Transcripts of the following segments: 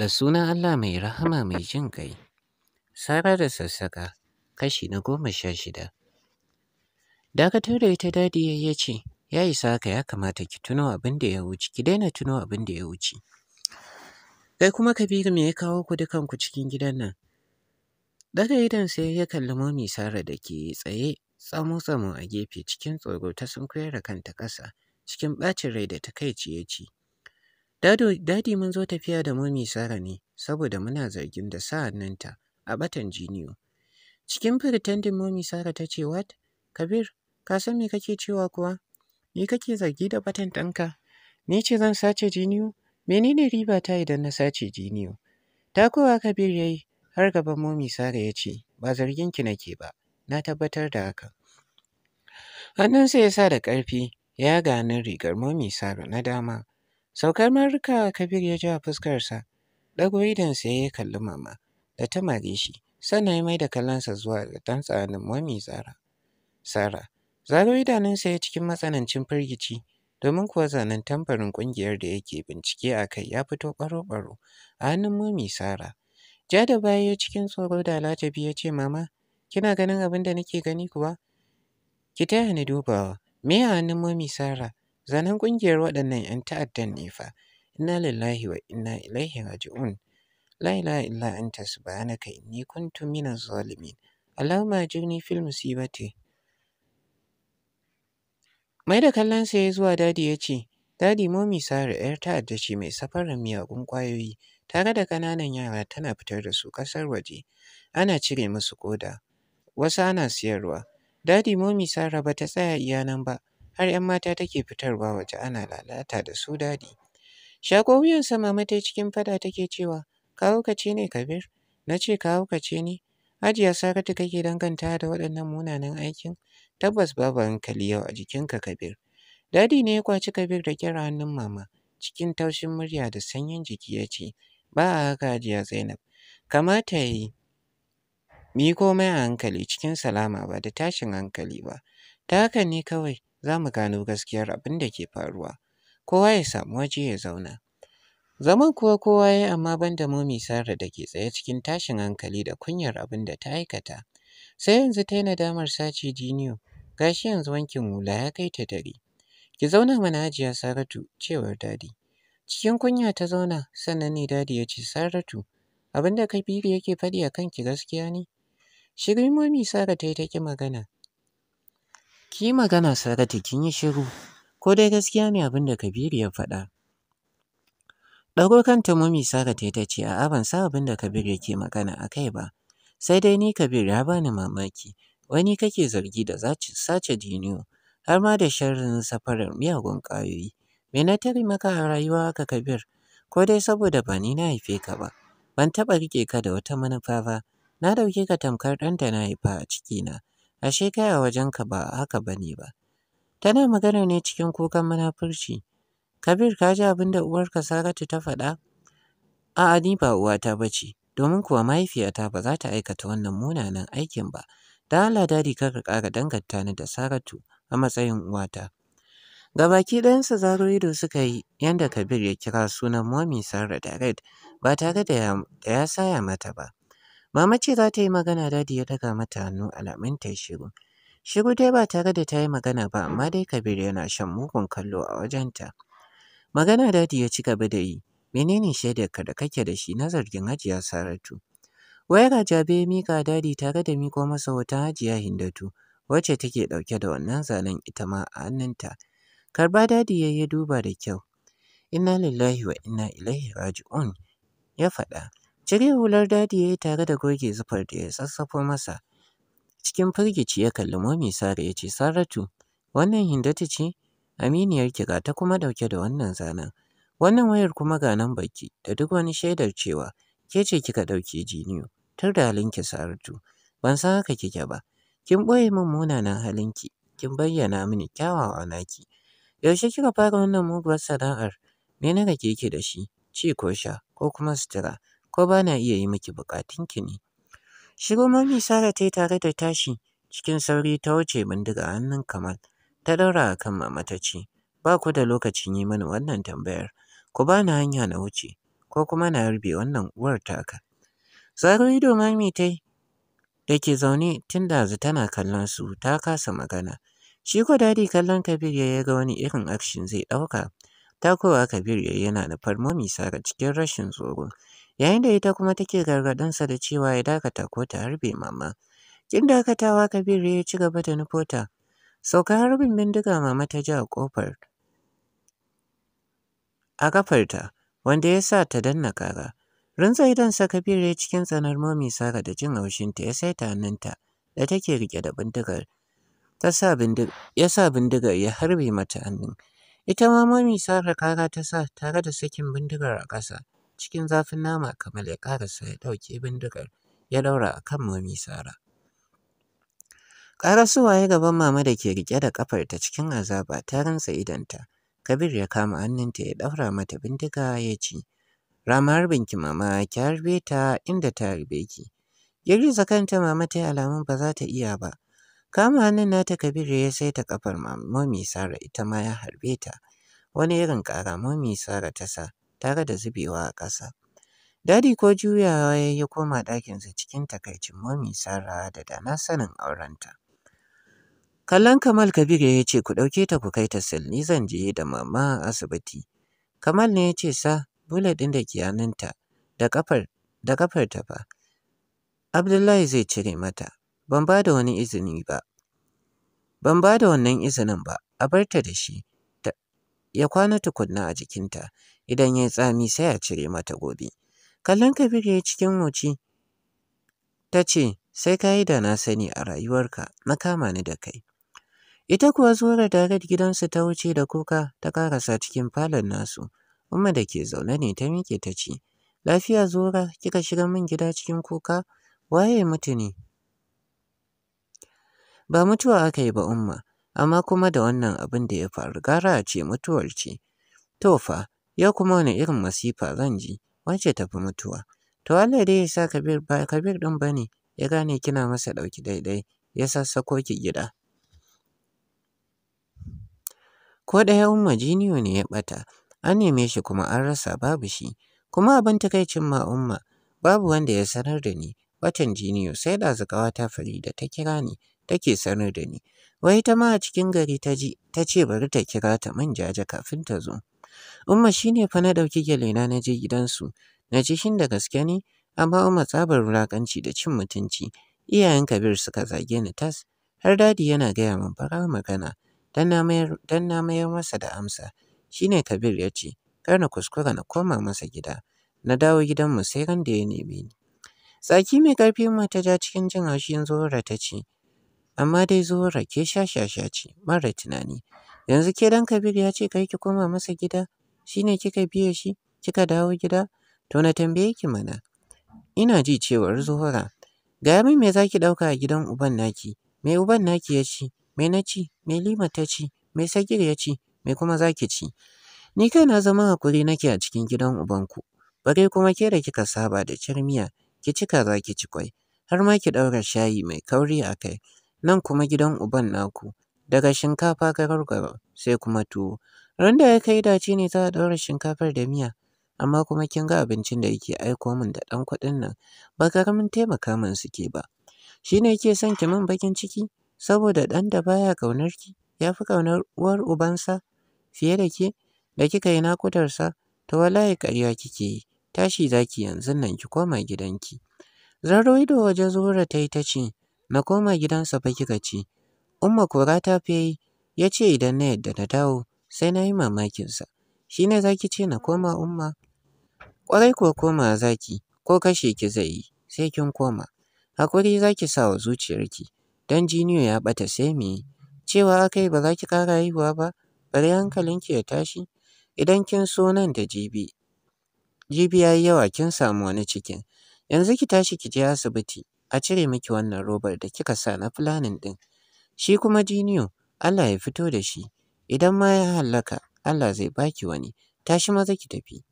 Da sunan Allah mai rahama mai jin ƙai. Sara da sassaƙa kashi na goma sha shida. Dakatar da ita dadi ya ce, ya isa haka ya kamata ki tuno abin da ya wuce, ki daina tuno abin da ya wuce. Kai kuma Kabiru me ya kawo ku dukanku cikin gidan nan? Daga idan sai ya kalli mami Sara da ke tsaye tsamo-tsamo a gefe cikin tsoro ta sunkuyar da kanta ƙasa cikin ɓacin rai da ta kai ya ce, Dadi mun zo tafiya da momi Sara ne saboda muna zargin da nan ta a batan jiniyo. Cikin pretending momi Sara ta ce what? Kabir, ka san me kake cewa kuwa? Ni kake zargi da batan ɗanka? Ni ce zan sace jiniyo? Menene riba ta idan na sace jiniyo? kowa Kabir ya yi har gaban momi Sara ya ce ba zargin ki nake ba, na tabbatar da haka Hannunsa ya sa da ƙarfi ya ga hannun rigar momi Sara na dama. Saukar marika Kabir ya ji a fuskarsa, ɗago sai ya kalli mama da ta mare shi, sannan ya mai da kallonsa zuwa ga ɗan tsanin mami Zara. Sara, zaro idanunsa ya cikin matsanancin firgici, domin kuwa zanen tamfarin ƙungiyar da yake bincike a kai ya fito ɓaro-ɓaro a hannun mami Sara. Ja da baya cikin tsoro da latabi ya ce, Mama, kina ganin abin da nake gani kuwa? Ki taya ni dubawa, me a hannun mami Sara? Zanen ƙungiyar waɗannan 'yan ta'addan ne fa. Inna lillahi wa inna ilaihi raji'un. La ilaha illa anta subhanaka inni kuntu minaz zalimin. Allahumma ajirni fil musibati. Mai da kallonsa ya zuwa dadi ya ce, Dadi momi Sare 'yar ta'adda ce mai safarar miyagun ƙwayoyi tare da ƙananan yara tana fitar da su ƙasar waje. Ana cire musu ƙoda, wasu ana siyarwa. Dadi momi Sare ba ta tsaya iya nan ba. har 'yan mata take fitarwa waje ana lalata da su daɗi. Shago wuyansa mama ta cikin fada take cewa, ka ce ne Kabir? Na ce ka ce ne? Hajiya Saratu kake danganta da waɗannan munanan aikin? Tabbas babu hankali yau a jikinka Kabir. Dadi ne ya kwaci Kabir da kyara hannun mama cikin taushin murya da sanyin jiki ya ce, ba a haka Hajiya Zainab. Kamata ya yi Mi komai a hankali cikin salama ba da tashin hankali ba. Ta haka ne kawai za mu gano gaskiyar abin da ke faruwa. Kowa ya samu waje ya zauna. Zaman kuwa kowa ya amma ban da momi sarra da ke tsaye cikin tashin hankali da kunyar abin da ta aikata. Sai yanzu ta yi nadamar sace jiniyo, gashi yanzu wankin hula ya kai ta dare. Ki zauna mana ajiya Saratu, cewar dadi. Cikin kunya ta zauna, sannan ne dadi ya ce Saratu, abin da Kabiru yake faɗi a kanki gaskiya ne? Shirin momi sarra ta yi ta ƙi magana, Ki magana Saratu kin yi shiru, ko dai gaskiya ne abin da Kabiru ya faɗa. Ɗago kanta mami Saratu ta ce a'a ban sa abin da Kabiru yake magana a kai ba, sai dai ni Kabiru ya bani mamaki, wani kake zargi da sace diniyo, har ma da sharrin safarar miyagun ƙwayoyi. Me na tare maka a rayuwa haka Kabir, ko dai saboda ba ni na haife ka ba, ban taɓa riƙe ka da wata manufa ba, na ɗauke ka tamkar ɗanta na haifa a cikina. ashe kai a wajenka ba haka ba ba. Tana magana ne cikin kukan munafurci. Kabir ka ji abin da uwarka Saratu ta faɗa? A'a ni ba uwata ba ce, domin kuwa mahaifiyata ba za ta aikata wannan munanan aikin ba. Da Allah dadi kar ka ƙara danganta ni da Saratu a matsayin uwata. Ga baki ɗayansa zaro ido suka yi yadda Kabir ya kira sunan Momi Sarah Red ba tare da ya saya mata ba. Mama ce za ta yi magana dadi ya daga mata hannu alamun ta yi shiru. Shiru dai ba tare da ta yi magana ba amma dai Kabir yana shan mugun kallo a wajenta. Magana dadi ya ci gaba da yi. Menene shaidarka da kake da shi na zargin Hajiya Saratu? Wayar Jabe ya mika dadi tare da miko masa wata Hajiya Hindatu wacce take ɗauke da wannan zanen ita ma a hannunta. Karba dadi ya yi duba da kyau. Inna lillahi wa inna ilaihi raji'un ya faɗa. Cire hular dadi ya yi tare da goge zufar da ya sassafo masa. Cikin firgici ya kalli momi Sara ya ce, Saratu, wannan hindata ce? Aminiyar kira ta kuma ɗauke da wannan zanen. Wannan wayar kuma ga nan baki da duk wani shaidar cewa ke ce kika ɗauke jiniyo, tar da halinki Saratu. Ban san haka kike ba. Kin ɓoye min munanan halinki, kin bayyana mini kyawawa naki. Yaushe kika fara wannan muguwar sana'ar? Me na rage ki da shi? Ci ko sha ko kuma sutura? ko ba na iya yi miki buƙatunki ne. Shigo mami Sara ta yi tare da tashi cikin sauri ta wuce bindiga hannun Kamal ta ɗaura a kan mama ta ce ba ku da lokacin yi mani wannan tambayar ku ba ni hanya na wuce ko kuma na harbe wannan uwar taka. Zaro ido mami ta da ke zaune tun dazu tana kallon su ta kasa magana. Shi ko dadi kallon Kabir ya ga wani irin action zai ɗauka. Takowa Kabir ya yana nufar mami Sara cikin rashin tsoro. yayin da ita kuma take gargaɗinsa da cewa ya dakata ko ta harbe mama. Kin dakatawa Kabiru ya ci gaba da nufota. Sauka harbin bindiga mama ta ji a ƙofar. A ƙafarta, wanda ya sa ta danna kara. Rinza sa Kabiru ya cikin tsanar momi sara da jin haushinta ya saita hannunta da take riƙe da bindigar. ya sa bindigar ya harbe mata hannun. Ita ma momi sara kara ta sa tare da sakin bindigar a ƙasa. Cikin zafin nama kamar ya ƙarasa ya ɗauke bindigar ya ɗaura a kan mami Sara. Ƙarasowa ya gaban mama da ke riƙe da ƙafarta cikin azaba ta rantsa idanta. Kabir ya kama hannunta ya ɗaura mata bindiga ya ce, Ramar binki mama ki harbe ta inda ta harbe ki. Girgiza kanta mama ta yi alamun ba za ta iya ba. Kama hannun nata Kabir ya saita ƙafar mami Sara ita ma ya harbe ta. Wani irin ƙara mami Sara ta sa. tare da zubewa a ƙasa. Dadi ko juyawa ya yi koma ɗakinsa cikin takaicin momi Sarah da dana sanin aurenta. Kallon Kamal Kabir ya ce ku ɗauke ta ku kai ta silni zan je da mama asibiti. Kamal ne ya ce sa bula ɗin da ke hannunta da ƙafar da ƙafar ta fa. Abdullahi zai cire mata. Ban ba da wani izini ba. Ban ba da wannan izinin ba. A bar ta da shi. ya kwana tukunna a jikinta, idan ya yi tsami sai a cire mata gobe. Kallon Kabiru ya cikin wuci, ta ce, sai ka yi da na sani a rayuwarka, na kama ni da kai. Ita kuwa zuwa da gidansu ta wuce da kuka ta karasa cikin falon nasu, Umma da ke zaune ne ta miƙe ta ce, Lafiya Zora, kika shiga min gida cikin kuka? Waye mutu ne? Ba mutuwa aka yi ba Umma, amma kuma da wannan abin da ya faru gara a ce mutuwar ce. To fa, yau kuma wani irin masifa zan ji, wace tafi mutuwa. To Allah dai ya sa Kabir ba ɗin ba ne, ya gane kina masa ɗauki daidai, ya sassako ki gida. Ko ɗaya Umma Jiniyo ne ya ɓata, an neme shi kuma an rasa babu shi, kuma abin takaicin ma Umma, babu wanda ya sanar da ni, watan Jiniyo sai da ta fari da ta kira ni, take sanar da ni. Wai ta ma a cikin gari ta ji, ta ce bari ta kira ta ja kafin ta zo. Umma shi ne fa na ɗauki gyale na je gidansu, na ji shin da gaske ne, amma Umma tsabar wulaƙanci da cin mutunci, iyayen Kabir suka zage ni tas, har dadi yana gaya min fara magana, dan na mayar masa da amsa. Shi ne Kabir ya ce, kar na kuskura na koma masa gida, na dawo gidanmu sai ran da ya neme ni. Tsaki mai ƙarfi mu ta ja cikin jin haushin Zuhura ta ce, amma dai zuwan rake sha ce mara tunani. Yanzu ke dan Kabir ya ce kai ki koma masa gida, shi ne kika biye shi, kika dawo gida, to na tambaye ki mana. Ina ji cewar Zuhura, ga min me za ki ɗauka a gidan uban naki, me uban naki ya ci, me na ci, me lima ta ci, me sagir ya ci, me kuma za ki ci. Ni kai na zama hakuri nake a cikin gidan ubanku, bare kuma ke da kika saba da cirmiya, ki cika za ki ci kwai, har ma ki ɗaura shayi mai kauri a kai. nan kuma gidan uban naku, daga shinkafa garau-garau sai kuma tuwo. Randa ya kai dace ne za a ɗaura shinkafar da miya, amma kuma kin ga abincin da yake aiko min da ɗan kuɗin nan ba ƙaramin taimaka min suke ba. Shi ne yake son ki min bakin ciki saboda ɗan da baya ƙaunar ki ya fi ƙaunar uwar ubansa fiye da ke da kika yi naƙudarsa to wallahi ƙarya kike yi tashi za ki yanzu nan ki koma gidanki. Zaro ido wajen zoro ta yi ta ce na koma gidansa fa kika ci. Umma kora ta fi ya ce idan na yadda na dawo sai na yi mamakinsa. Shi ne za ki ce na koma umma? Ƙwarai ko koma za ki ko kashe ki zai yi sai kin koma. Hakuri za ki sa wa zuciyarki don jiniyo ya ɓata sai mu yi. Cewa aka yi ba za ki ƙara haihuwa ba bari hankalinki ya tashi idan kin so nan da jibi. Jibi ya yi yawa kin samu wani cikin. Yanzu ki tashi ki je asibiti a cire miki wannan robar da kika sa na fulanin ɗin. Shi kuma jiniyo, Allah ya fito da shi, idan ma ya hallaka, Allah zai baki wani, tashi maza ki tafi.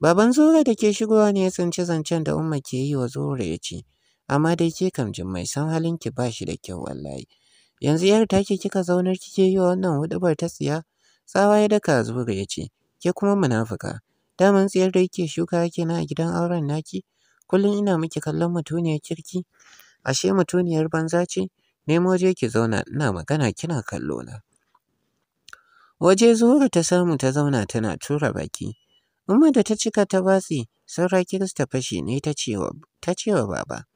Baban Zura da ke shigowa ne ya tsinci zancen da Umma ke yi wa Zura ya ce, amma dai ke kam mai san halin ki ba shi da kyau wallahi. Yanzu yar take kika zaunar kike yi wa wannan huɗubar ta tsiya? Tsawa ya daka Zura ya ce, ke kuma munafuka, daman tsiyar da yake shuka kenan a gidan auren naki? Kullum ina miki kallon mutuniyar kirki, ashe mutuniyar banza ce? Nemo waje ki zauna ina magana kina kallo na. Waje zuwa ta samu ta zauna tana tura baki. Umma da ta cika ta batsi saura Kirista fashi ne ta ce wa baba.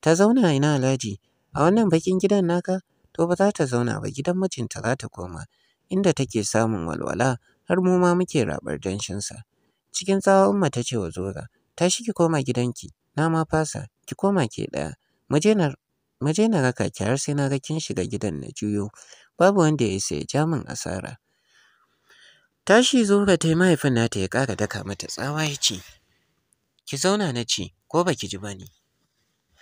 Ta zauna ina Alhaji, a wannan bakin gidan naka? To ba za ta zauna ba gidan mijinta za ta koma, inda take samun walwala har mu ma muke raɓar danshinsa. Cikin tsawa Umma ta ce wa zora. tashi ki koma gidanki, na ma fasa, ki koma ke ɗaya. Mu je na raka ki har sai na ga kin shiga gidan na juyo, babu wanda ya sai ya ja min asara. Tashi zuwa ta yi mahaifin nata ya ƙara daka mata tsawa ya ce, Ki zauna na ce, ko ba ki ji ba ne.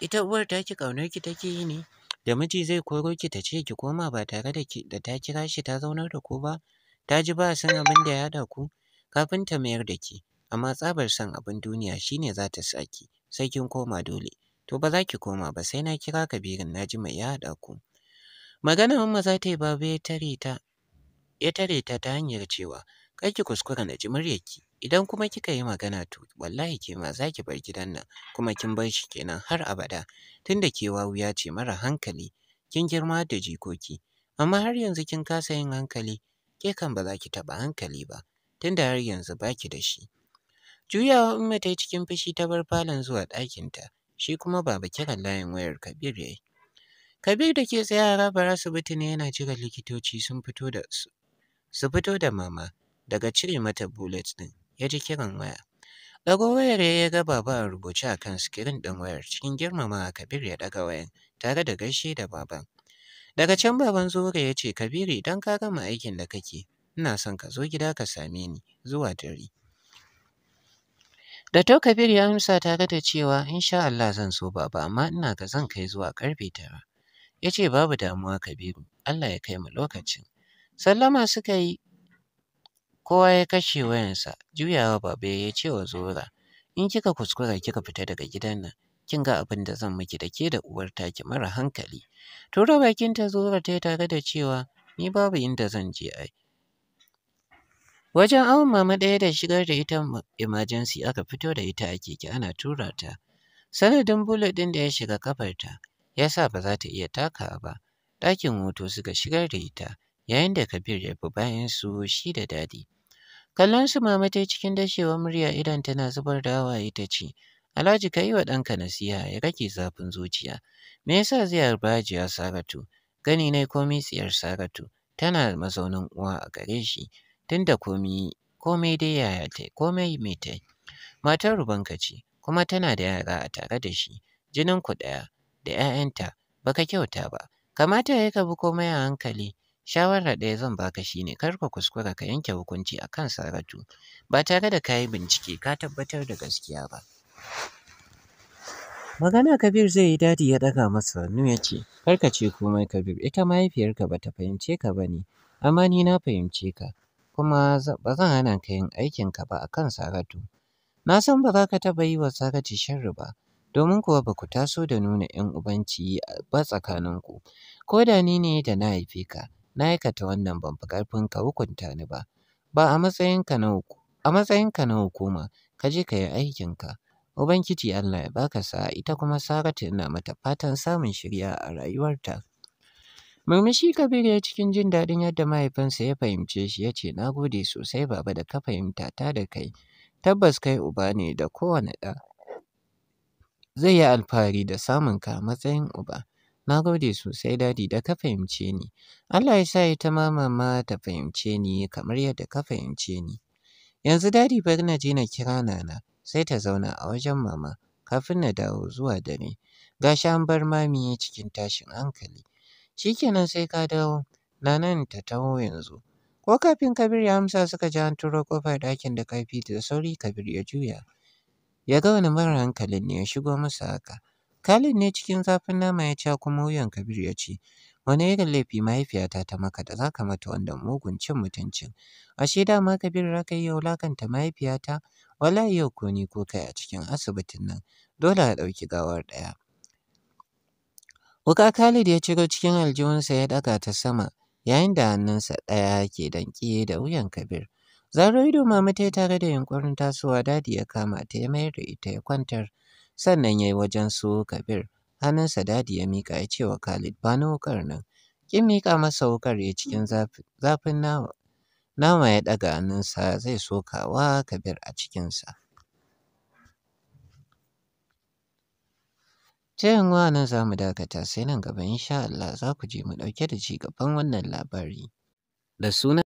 Ita uwar ta ki ƙaunar ki take yi ne, da miji zai koro ki ta ce ki koma ba tare da da ta kira shi ta zaunar da ku ba, ta ji ba san abin da ya haɗa ku, kafin ta mayar da ki. amma tsabar san abin duniya shine za ta saki sai kin koma dole to ba za ki koma ba sai na kira kabirin na ji mai ya haɗa ku magana mamma za ta yi babu ya tare ta ya tare ta ta hanyar cewa kai ki kuskura na ji muryarki idan kuma kika yi magana to wallahi ke ma za ki bar gidan nan kuma kin bar shi kenan har abada tunda ke wawuya ce mara hankali kin girma da jikoki amma har yanzu kin kasa yin hankali ke kan ba za ki taɓa hankali ba tunda har yanzu ba ki da shi Juyawa Umma ta yi cikin fushi ta bar falon zuwa ɗakinta, shi kuma baba kiran layin wayar Kabir ya yi. Kabir da ke tsaye a harabar asibiti ne yana jiran likitoci sun fito da su. Su fito da mama daga cire mata bullet ɗin ya ji kiran waya. Ɗago wayar ya ga baba a rubuce a kan sikirin ɗin wayar cikin girmama, a Kabir ya ɗaga wayan tare da gaishe da baban. Daga can baban zuwa ya ce Kabiru idan ka gama aikin da kake ina son ka zo gida ka same ni zuwa dare. Da Dato Kabir ya amsa tare da cewa insha Allah zan so baba amma ina ga zan kai zuwa karfe tara. Ya ce babu damuwa Kabiru, Allah ya kai mu lokacin. Sallama suka yi kowa ya kashe wayansa, juyawa baba ya ce wa Zora, in kika kuskura kika fita daga gidan nan, kin ga abin da zan miki da ke da uwar taki mara hankali. Tura bakinta Zora ta tare da cewa ni babu inda zan je ai, Wajen awon mama ɗaya da shigar da ita emergency aka fito da ita a keke ana tura ta. Sanadin bullet ɗin da ya shiga kafarta ya sa ba za ta iya taka ba. Ɗakin hoto suka shigar da ita yayin da Kabir ya bi bayan su shi da dadi. Kallon su mama ta cikin dashewar murya idan tana zubar da hawaye ta ce, Alhaji ka yi wa ɗanka nasiha ya kake zafin zuciya. Me yasa zai harba hajiya Saratu? Gani ne komai tsiyar Saratu tana mazaunin uwa a gare shi. tunda komi komai dai yaya ta komai mai ta matar rubanka ce kuma tana da yara a tare da shi jinin ku ɗaya da 'ya'yanta baka kyauta ba kamata ya ka bi komai a hankali shawara ɗaya zan baka shine kar ka kuskura ka yanke hukunci akan Saratu ba tare da ka yi bincike ka tabbatar da gaskiya ba magana Kabir zai yi dadi ya ɗaga masa hannu ya ce, Kar ka ce komai Kabir, ita mahaifiyarka ba ta fahimce ka ba ne, amma ni na fahimce ka, kuma ba zan hana ka yin aikinka ba a kan Saratu. Na san ba za ka taɓa yi wa Saratu sharri ba, domin kuwa ba ku taso da nuna ‘yan ubanci ba tsakaninku. Ko da ni ne da na haife ka, na aikata wannan ban fi ƙarfin ka hukunta ni ba. Ba a matsayinka na a matsayinka na hukuma, ka je ka yi aikinka. Ubangiji Allah ya baka sa'a ita kuma Saratu ina mata fatan samun shirya a rayuwarta. Murmushi Kabiru ya cikin jin daɗin yadda mahaifinsa ya fahimce shi ya ce na gode sosai baba da ka fahimta ta da kai. Tabbas kai uba ne da kowane ɗa. Zai yi alfahari da samun ka matsayin uba. Na gode sosai dadi da ka fahimce ni. Allah ya sa ita ma mama ta fahimce ni kamar yadda ka fahimce ni. Yanzu dadi bari na je na kira nana sai ta zauna a wajen mama kafin na dawo zuwa dare. Gashi an bar mami cikin tashin hankali. shi kenan sai ka dawo na nan ta taho yanzu. Ko kafin Kabir ya amsa suka ji an turo ƙofar ɗakin da ƙarfi da sauri Kabir ya juya. Ya ga wani mara hankalin ne ya shigo masa haka. Khalid ne cikin zafin nama ya ca kuma wuyan Kabir ya ce, Wani irin laifi mahaifiyata ta maka da za ka mata wanda mugun cin mutuncin. Ashe dama Kabir ka yi wulakanta mahaifiyata, wallahi yau ko ni ko kai a cikin asibitin nan. Dole a ɗauki gawar ɗaya. Wuka Khalid ya ciro cikin aljihunsa ya daga ta sama yayin da hannunsa ɗaya ke danƙiye da wuyan Kabir. Zaro ido mama ta tare da yunƙurin tasowa dadi ya kama ta ya mayar da ita ya kwantar sannan ya yi wajen su Kabir. Hannunsa dadi ya miƙa ya ce wa Khalid ba ni wukar nan. Kin miƙa masa wukar ya cikin zafin nama. Nama ya ɗaga hannunsa zai sokawa Kabir a cikinsa. Ta yanwa nan za mu dakata sai nan gaba insha Allah za ku je mu ɗauke da ci gaban wannan labari. Da suna